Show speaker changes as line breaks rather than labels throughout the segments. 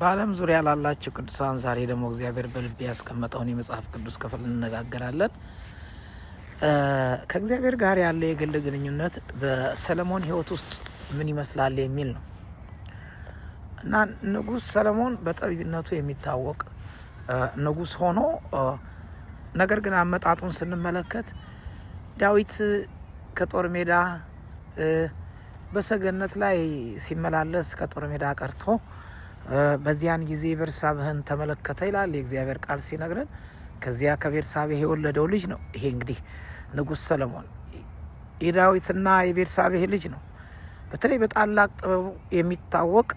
በዓለም ዙሪያ ላላችሁ ቅዱሳን ዛሬ ደግሞ እግዚአብሔር በልቤ ያስቀመጠውን የመጽሐፍ ቅዱስ ክፍል እንነጋገራለን። ከእግዚአብሔር ጋር ያለ የግል ግንኙነት በሰለሞን ሕይወት ውስጥ ምን ይመስላል የሚል ነው እና ንጉስ ሰለሞን በጠቢነቱ የሚታወቅ ንጉስ ሆኖ ነገር ግን አመጣጡን ስንመለከት ዳዊት ከጦር ሜዳ በሰገነት ላይ ሲመላለስ ከጦር ሜዳ ቀርቶ በዚያን ጊዜ ቤርሳቤህን ተመለከተ ይላል የእግዚአብሔር ቃል ሲነግረን። ከዚያ ከቤርሳቤህ የወለደው ልጅ ነው። ይሄ እንግዲህ ንጉስ ሰለሞን የዳዊትና የቤርሳቤህ ልጅ ነው። በተለይ በታላቅ ጥበቡ የሚታወቅ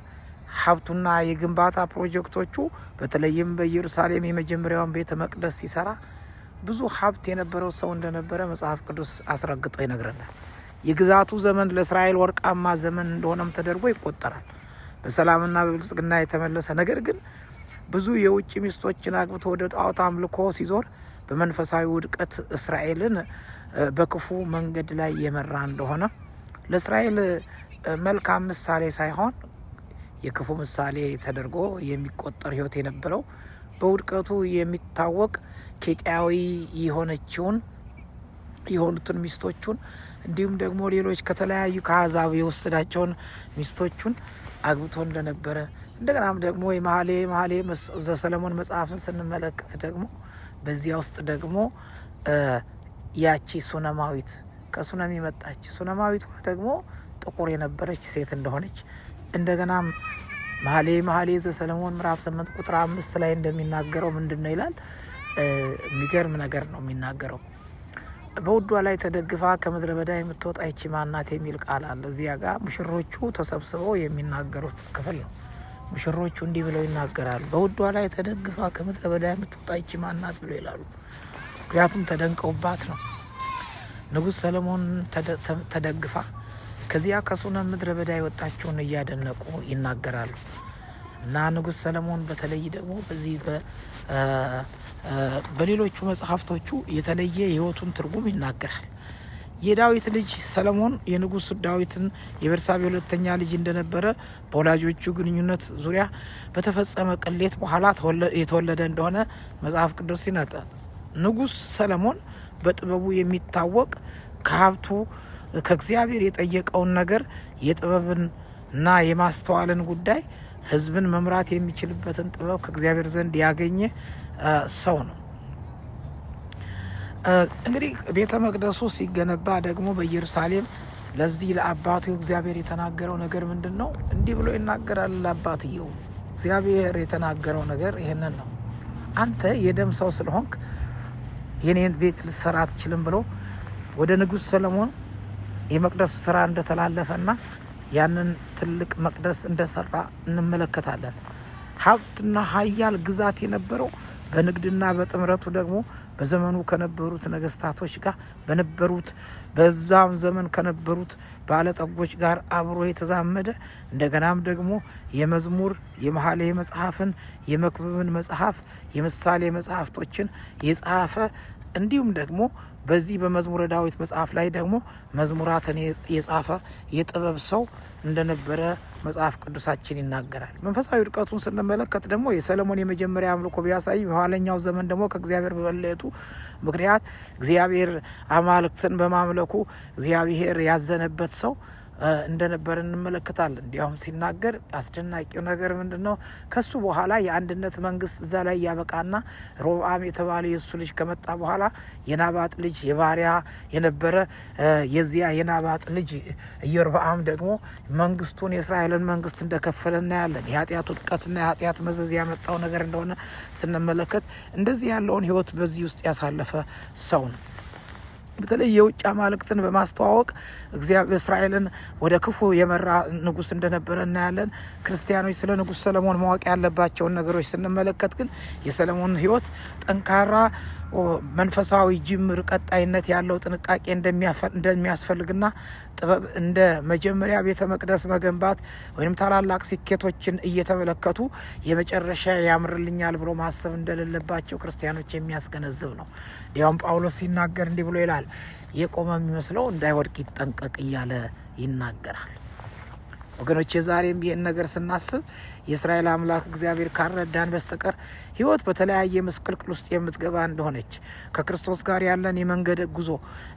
ሀብቱና የግንባታ ፕሮጀክቶቹ በተለይም በኢየሩሳሌም የመጀመሪያውን ቤተ መቅደስ ሲሰራ ብዙ ሀብት የነበረው ሰው እንደነበረ መጽሐፍ ቅዱስ አስረግጦ ይነግረናል። የግዛቱ ዘመን ለእስራኤል ወርቃማ ዘመን እንደሆነም ተደርጎ ይቆጠራል። በሰላምና በብልጽግና የተመለሰ ነገር ግን ብዙ የውጭ ሚስቶችን አግብቶ ወደ ጣዖት አምልኮ ሲዞር በመንፈሳዊ ውድቀት እስራኤልን በክፉ መንገድ ላይ የመራ እንደሆነ ለእስራኤል መልካም ምሳሌ ሳይሆን የክፉ ምሳሌ ተደርጎ የሚቆጠር ሕይወት የነበረው በውድቀቱ የሚታወቅ ኬጢያዊ የሆነችውን የሆኑትን ሚስቶቹን እንዲሁም ደግሞ ሌሎች ከተለያዩ ከአሕዛብ የወሰዳቸውን ሚስቶቹን አግብቶ እንደነበረ እንደገናም ደግሞ የመሀሌ መሀሌ ዘሰለሞን መጽሐፍን ስንመለከት ደግሞ በዚያ ውስጥ ደግሞ ያቺ ሱነማዊት ከሱነም መጣች ሱነማዊቷ ደግሞ ጥቁር የነበረች ሴት እንደሆነች እንደገናም መሀሌ መሀሌ ዘሰለሞን ምዕራፍ ስምንት ቁጥር አምስት ላይ እንደሚናገረው ምንድን ነው ይላል? የሚገርም ነገር ነው የሚናገረው በውዷ ላይ ተደግፋ ከምድረ በዳ የምትወጣ ይቺ ማናት የሚል ቃል አለ። እዚያ ጋር ሙሽሮቹ ተሰብስበው የሚናገሩት ክፍል ነው። ሙሽሮቹ እንዲህ ብለው ይናገራሉ። በውዷ ላይ ተደግፋ ከምድረ በዳ የምትወጣ ይቺ ማናት ብሎ ይላሉ። ምክንያቱም ተደንቀውባት ነው። ንጉሥ ሰለሞን ተደግፋ ከዚያ ከሱነ ምድረ በዳ የወጣችውን እያደነቁ ይናገራሉ። እና ንጉስ ሰለሞን በተለይ ደግሞ በዚህ በሌሎቹ መጽሐፍቶቹ የተለየ ህይወቱን ትርጉም ይናገራል። የዳዊት ልጅ ሰለሞን የንጉስ ዳዊትን የቤርሳቤ ሁለተኛ ልጅ እንደነበረ በወላጆቹ ግንኙነት ዙሪያ በተፈጸመ ቅሌት በኋላ የተወለደ እንደሆነ መጽሐፍ ቅዱስ ይነግረናል። ንጉስ ሰለሞን በጥበቡ የሚታወቅ ከሀብቱ ከእግዚአብሔር የጠየቀውን ነገር የጥበብንና የማስተዋልን ጉዳይ ህዝብን መምራት የሚችልበትን ጥበብ ከእግዚአብሔር ዘንድ ያገኘ ሰው ነው። እንግዲህ ቤተ መቅደሱ ሲገነባ ደግሞ በኢየሩሳሌም ለዚህ ለአባቱ እግዚአብሔር የተናገረው ነገር ምንድን ነው? እንዲህ ብሎ ይናገራል። ለአባትየው እግዚአብሔር የተናገረው ነገር ይህንን ነው። አንተ የደም ሰው ስለሆንክ የኔን ቤት ልሰራ አትችልም ብሎ ወደ ንጉሥ ሰለሞን የመቅደሱ ስራ እንደተላለፈና ያንን ትልቅ መቅደስ እንደሰራ እንመለከታለን። ሀብትና ሀያል ግዛት የነበረው በንግድና በጥምረቱ ደግሞ በዘመኑ ከነበሩት ነገስታቶች ጋር በነበሩት በዛም ዘመን ከነበሩት ባለጠጎች ጋር አብሮ የተዛመደ እንደገናም ደግሞ የመዝሙር የመኃልየ መጽሐፍን የመክብብን መጽሐፍ የምሳሌ መጽሐፍቶችን የጻፈ እንዲሁም ደግሞ በዚህ በመዝሙረ ዳዊት መጽሐፍ ላይ ደግሞ መዝሙራትን የጻፈ የጥበብ ሰው እንደነበረ መጽሐፍ ቅዱሳችን ይናገራል። መንፈሳዊ ውድቀቱን ስንመለከት ደግሞ የሰለሞን የመጀመሪያ አምልኮ ቢያሳይ በኋለኛው ዘመን ደግሞ ከእግዚአብሔር በመለየቱ ምክንያት እግዚአብሔር አማልክትን በማምለኩ እግዚአብሔር ያዘነበት ሰው እንደነበር እንመለከታለን። እንዲያውም ሲናገር አስደናቂው ነገር ምንድን ነው? ከሱ በኋላ የአንድነት መንግስት እዛ ላይ ያበቃና ሮብአም የተባለ የእሱ ልጅ ከመጣ በኋላ የናባጥ ልጅ የባሪያ የነበረ የዚያ የናባጥ ልጅ ኢዮርብዓም ደግሞ መንግስቱን የእስራኤልን መንግስት እንደከፈለ እናያለን። የኃጢአት ውድቀትና የኃጢአት መዘዝ ያመጣው ነገር እንደሆነ ስንመለከት እንደዚህ ያለውን ህይወት በዚህ ውስጥ ያሳለፈ ሰው ነው። በተለይ የውጭ አማልክትን በማስተዋወቅ እግዚአብሔር እስራኤልን ወደ ክፉ የመራ ንጉስ እንደነበረ እናያለን። ክርስቲያኖች ስለ ንጉስ ሰለሞን ማወቅ ያለባቸውን ነገሮች ስንመለከት ግን የሰለሞን ህይወት ጠንካራ መንፈሳዊ ጅምር ቀጣይነት ያለው ጥንቃቄ እንደሚያስፈልግና ጥበብ እንደ መጀመሪያ ቤተ መቅደስ መገንባት ወይም ታላላቅ ስኬቶችን እየተመለከቱ የመጨረሻ ያምርልኛል ብሎ ማሰብ እንደሌለባቸው ክርስቲያኖች የሚያስገነዝብ ነው። እንዲያውም ጳውሎስ ሲናገር እንዲህ ብሎ ይላል፣ የቆመ የሚመስለው እንዳይወድቅ ይጠንቀቅ እያለ ይናገራል። ወገኖች የዛሬም ይህን ነገር ስናስብ የእስራኤል አምላክ እግዚአብሔር ካልረዳን በስተቀር ህይወት በተለያየ ምስቅልቅል ውስጥ የምትገባ እንደሆነች ከክርስቶስ ጋር ያለን የመንገድ ጉዞ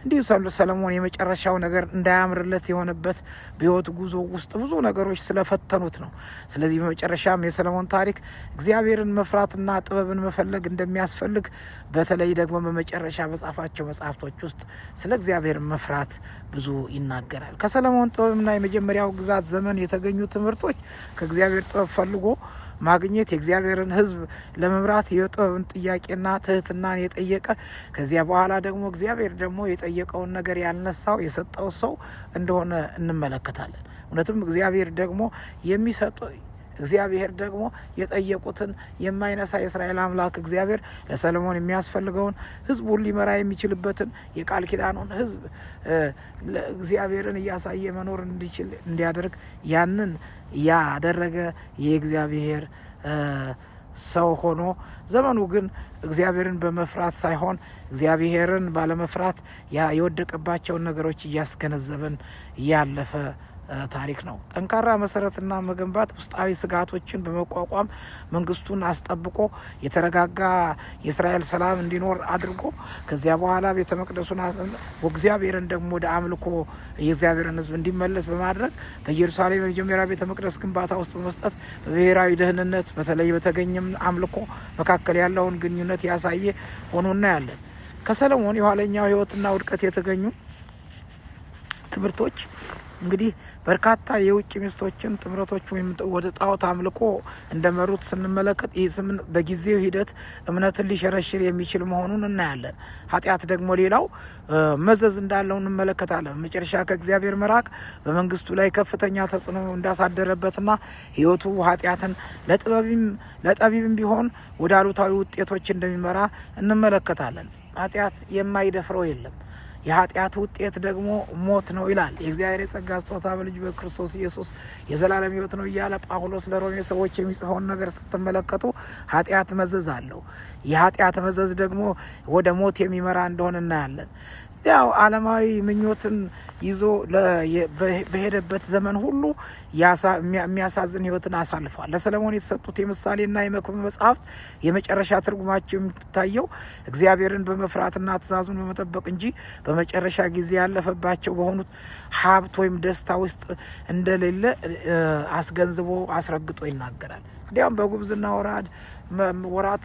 እንዲሁ ሰለሞን የመጨረሻው ነገር እንዳያምርለት የሆነበት በህይወት ጉዞ ውስጥ ብዙ ነገሮች ስለፈተኑት ነው። ስለዚህ በመጨረሻም የሰለሞን ታሪክ እግዚአብሔርን መፍራትና ጥበብን መፈለግ እንደሚያስፈልግ በተለይ ደግሞ በመጨረሻ በጻፋቸው መጽሐፍቶች ውስጥ ስለ እግዚአብሔር መፍራት ብዙ ይናገራል። ከሰለሞን ጥበብና የመጀመሪያው ግዛት ዘመን የተገኙ ትምህርቶች ከእግዚአብሔር ጥበብ ፈልጎ ማግኘት የእግዚአብሔርን ሕዝብ ለመምራት የጥበብን ጥያቄና ትህትናን የጠየቀ ከዚያ በኋላ ደግሞ እግዚአብሔር ደግሞ የጠየቀውን ነገር ያልነሳው የሰጠው ሰው እንደሆነ እንመለከታለን። እውነትም እግዚአብሔር ደግሞ የሚሰጠው እግዚአብሔር ደግሞ የጠየቁትን የማይነሳ የእስራኤል አምላክ እግዚአብሔር ለሰለሞን የሚያስፈልገውን ህዝቡን ሊመራ የሚችልበትን የቃል ኪዳኑን ህዝብ እግዚአብሔርን እያሳየ መኖር እንዲችል እንዲያደርግ ያንን ያደረገ የእግዚአብሔር ሰው ሆኖ ዘመኑ ግን እግዚአብሔርን በመፍራት ሳይሆን እግዚአብሔርን ባለመፍራት የወደቀባቸውን ነገሮች እያስገነዘብን እያለፈ ታሪክ ነው። ጠንካራ መሰረትና መገንባት ውስጣዊ ስጋቶችን በመቋቋም መንግስቱን አስጠብቆ የተረጋጋ የእስራኤል ሰላም እንዲኖር አድርጎ ከዚያ በኋላ ቤተ መቅደሱን እግዚአብሔርን ደግሞ ወደ አምልኮ የእግዚአብሔርን ሕዝብ እንዲመለስ በማድረግ በኢየሩሳሌም የመጀመሪያ ቤተ መቅደስ ግንባታ ውስጥ በመስጠት በብሔራዊ ደህንነት በተለይ በተገኘም አምልኮ መካከል ያለውን ግንኙነት ያሳየ ሆኖ እናያለን። ከሰለሞን የኋለኛው ህይወትና ውድቀት የተገኙ ትምህርቶች እንግዲህ በርካታ የውጭ ሚስቶችን ጥምረቶች ወይም ወደ ጣዖት አምልኮ እንደመሩት ስንመለከት ይህ ስምን በጊዜው ሂደት እምነትን ሊሸረሽር የሚችል መሆኑን እናያለን። ኃጢአት ደግሞ ሌላው መዘዝ እንዳለው እንመለከታለን። መጨረሻ ከእግዚአብሔር መራቅ በመንግስቱ ላይ ከፍተኛ ተጽዕኖ እንዳሳደረበትና ህይወቱ ኃጢአትን ለጠቢብም ቢሆን ወደ አሉታዊ ውጤቶች እንደሚመራ እንመለከታለን። ኃጢአት የማይደፍረው የለም። የኃጢአት ውጤት ደግሞ ሞት ነው ይላል። የእግዚአብሔር የጸጋ ስጦታ በልጁ በክርስቶስ ኢየሱስ የዘላለም ሕይወት ነው እያለ ጳውሎስ ለሮሜ ሰዎች የሚጽፈውን ነገር ስትመለከቱ ኃጢአት መዘዝ አለው። የኃጢአት መዘዝ ደግሞ ወደ ሞት የሚመራ እንደሆነ እናያለን። ያው ዓለማዊ ምኞትን ይዞ በሄደበት ዘመን ሁሉ የሚያሳዝን ህይወትን አሳልፏል። ለሰለሞን የተሰጡት የምሳሌና የመክብብ መጽሐፍት የመጨረሻ ትርጉማቸው የሚታየው እግዚአብሔርን በመፍራትና ትእዛዙን በመጠበቅ እንጂ በመጨረሻ ጊዜ ያለፈባቸው በሆኑት ሀብት ወይም ደስታ ውስጥ እንደሌለ አስገንዝቦ አስረግጦ ይናገራል። እንዲያውም በጉብዝና ወራት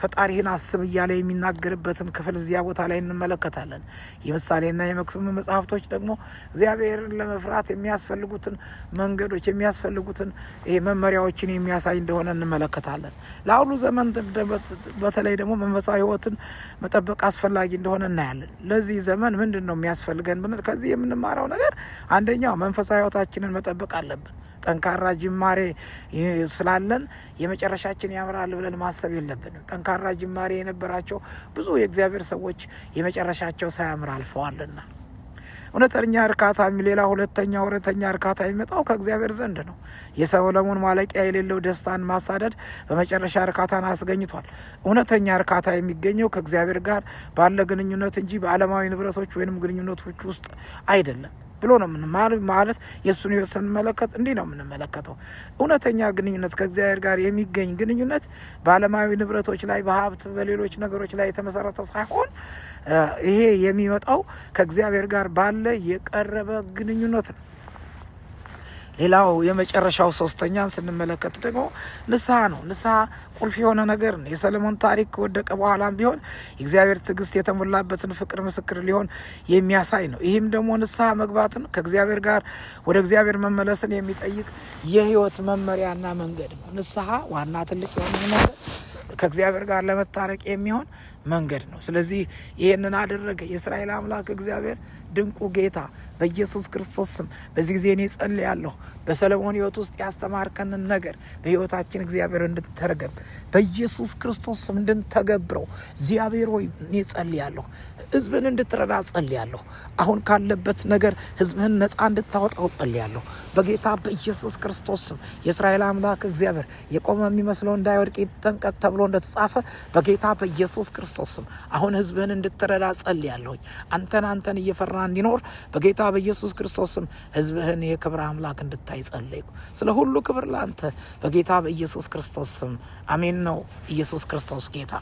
ፈጣሪህን አስብ እያለ የሚናገርበትን ክፍል እዚያ ቦታ ላይ እንመለከታለን። የምሳሌና የመክስም መጽሐፍቶች ደግሞ እግዚአብሔርን ለመፍራት የሚያስፈልጉትን መንገዶች የሚያስፈልጉትን መመሪያዎችን የሚያሳይ እንደሆነ እንመለከታለን። ለአሁኑ ዘመን በተለይ ደግሞ መንፈሳዊ ሕይወትን መጠበቅ አስፈላጊ እንደሆነ እናያለን። ለዚህ ዘመን ምንድን ነው የሚያስፈልገን ብንል ከዚህ የምንማረው ነገር አንደኛው መንፈሳዊ ሕይወታችንን መጠበቅ አለብን። ጠንካራ ጅማሬ ስላለን የመጨረሻችን ያምራል ብለን ማሰብ የለብንም። ጠንካራ ጅማሬ የነበራቸው ብዙ የእግዚአብሔር ሰዎች የመጨረሻቸው ሳያምር አልፈዋልና እውነተኛ እርካታ ሌላ ሁለተኛ ሁለተኛ እርካታ የሚመጣው ከእግዚአብሔር ዘንድ ነው። የሰለሞን ማለቂያ የሌለው ደስታን ማሳደድ በመጨረሻ እርካታን አስገኝቷል። እውነተኛ እርካታ የሚገኘው ከእግዚአብሔር ጋር ባለ ግንኙነት እንጂ በዓለማዊ ንብረቶች ወይንም ግንኙነቶች ውስጥ አይደለም። ብሎ ነው ማለት የእሱን ህይወት ስንመለከት እንዲህ ነው የምንመለከተው። እውነተኛ ግንኙነት ከእግዚአብሔር ጋር የሚገኝ ግንኙነት በአለማዊ ንብረቶች ላይ በሀብት በሌሎች ነገሮች ላይ የተመሰረተ ሳይሆን ይሄ የሚመጣው ከእግዚአብሔር ጋር ባለ የቀረበ ግንኙነት ነው። ሌላው የመጨረሻው ሶስተኛን ስንመለከት ደግሞ ንስሐ ነው። ንስሐ ቁልፍ የሆነ ነገር ነው። የሰለሞን ታሪክ ከወደቀ በኋላም ቢሆን የእግዚአብሔር ትዕግስት የተሞላበትን ፍቅር ምስክር ሊሆን የሚያሳይ ነው። ይህም ደግሞ ንስሐ መግባትን ከእግዚአብሔር ጋር ወደ እግዚአብሔር መመለስን የሚጠይቅ የህይወት መመሪያና መንገድ ነው። ንስሐ ዋና ትልቅ የሆነ ነገር ከእግዚአብሔር ጋር ለመታረቅ የሚሆን መንገድ ነው። ስለዚህ ይህንን አደረገ የእስራኤል አምላክ እግዚአብሔር ድንቁ ጌታ በኢየሱስ ክርስቶስ ስም በዚህ ጊዜ እኔ ጸልያለሁ። በሰለሞን ህይወት ውስጥ ያስተማርከንን ነገር በህይወታችን እግዚአብሔር እንድንተረገብ በኢየሱስ ክርስቶስ ስም እንድንተገብረው እግዚአብሔር ሆይ እኔ ጸልያለሁ። ህዝብን እንድትረዳ ጸልያለሁ። አሁን ካለበት ነገር ህዝብህን ነፃ እንድታወጣው ጸልያለሁ። በጌታ በኢየሱስ ክርስቶስ ስም የእስራኤል አምላክ እግዚአብሔር የቆመ የሚመስለው እንዳይወድቅ ይጠንቀቅ ተብሎ እንደተጻፈ በጌታ በኢየሱስ ክርስቶስ ስም አሁን ህዝብህን እንድትረዳ ጸልያለሁኝ። አንተን አንተን እየፈራ እንዲኖር በጌታ በኢየሱስ ክርስቶስ ስም የክብር አምላክ እንድታይ ጸለይኩ። ስለ ሁሉ ክብር ለአንተ በጌታ በኢየሱስ ክርስቶስ ስም አሜን። ነው ኢየሱስ ክርስቶስ ጌታ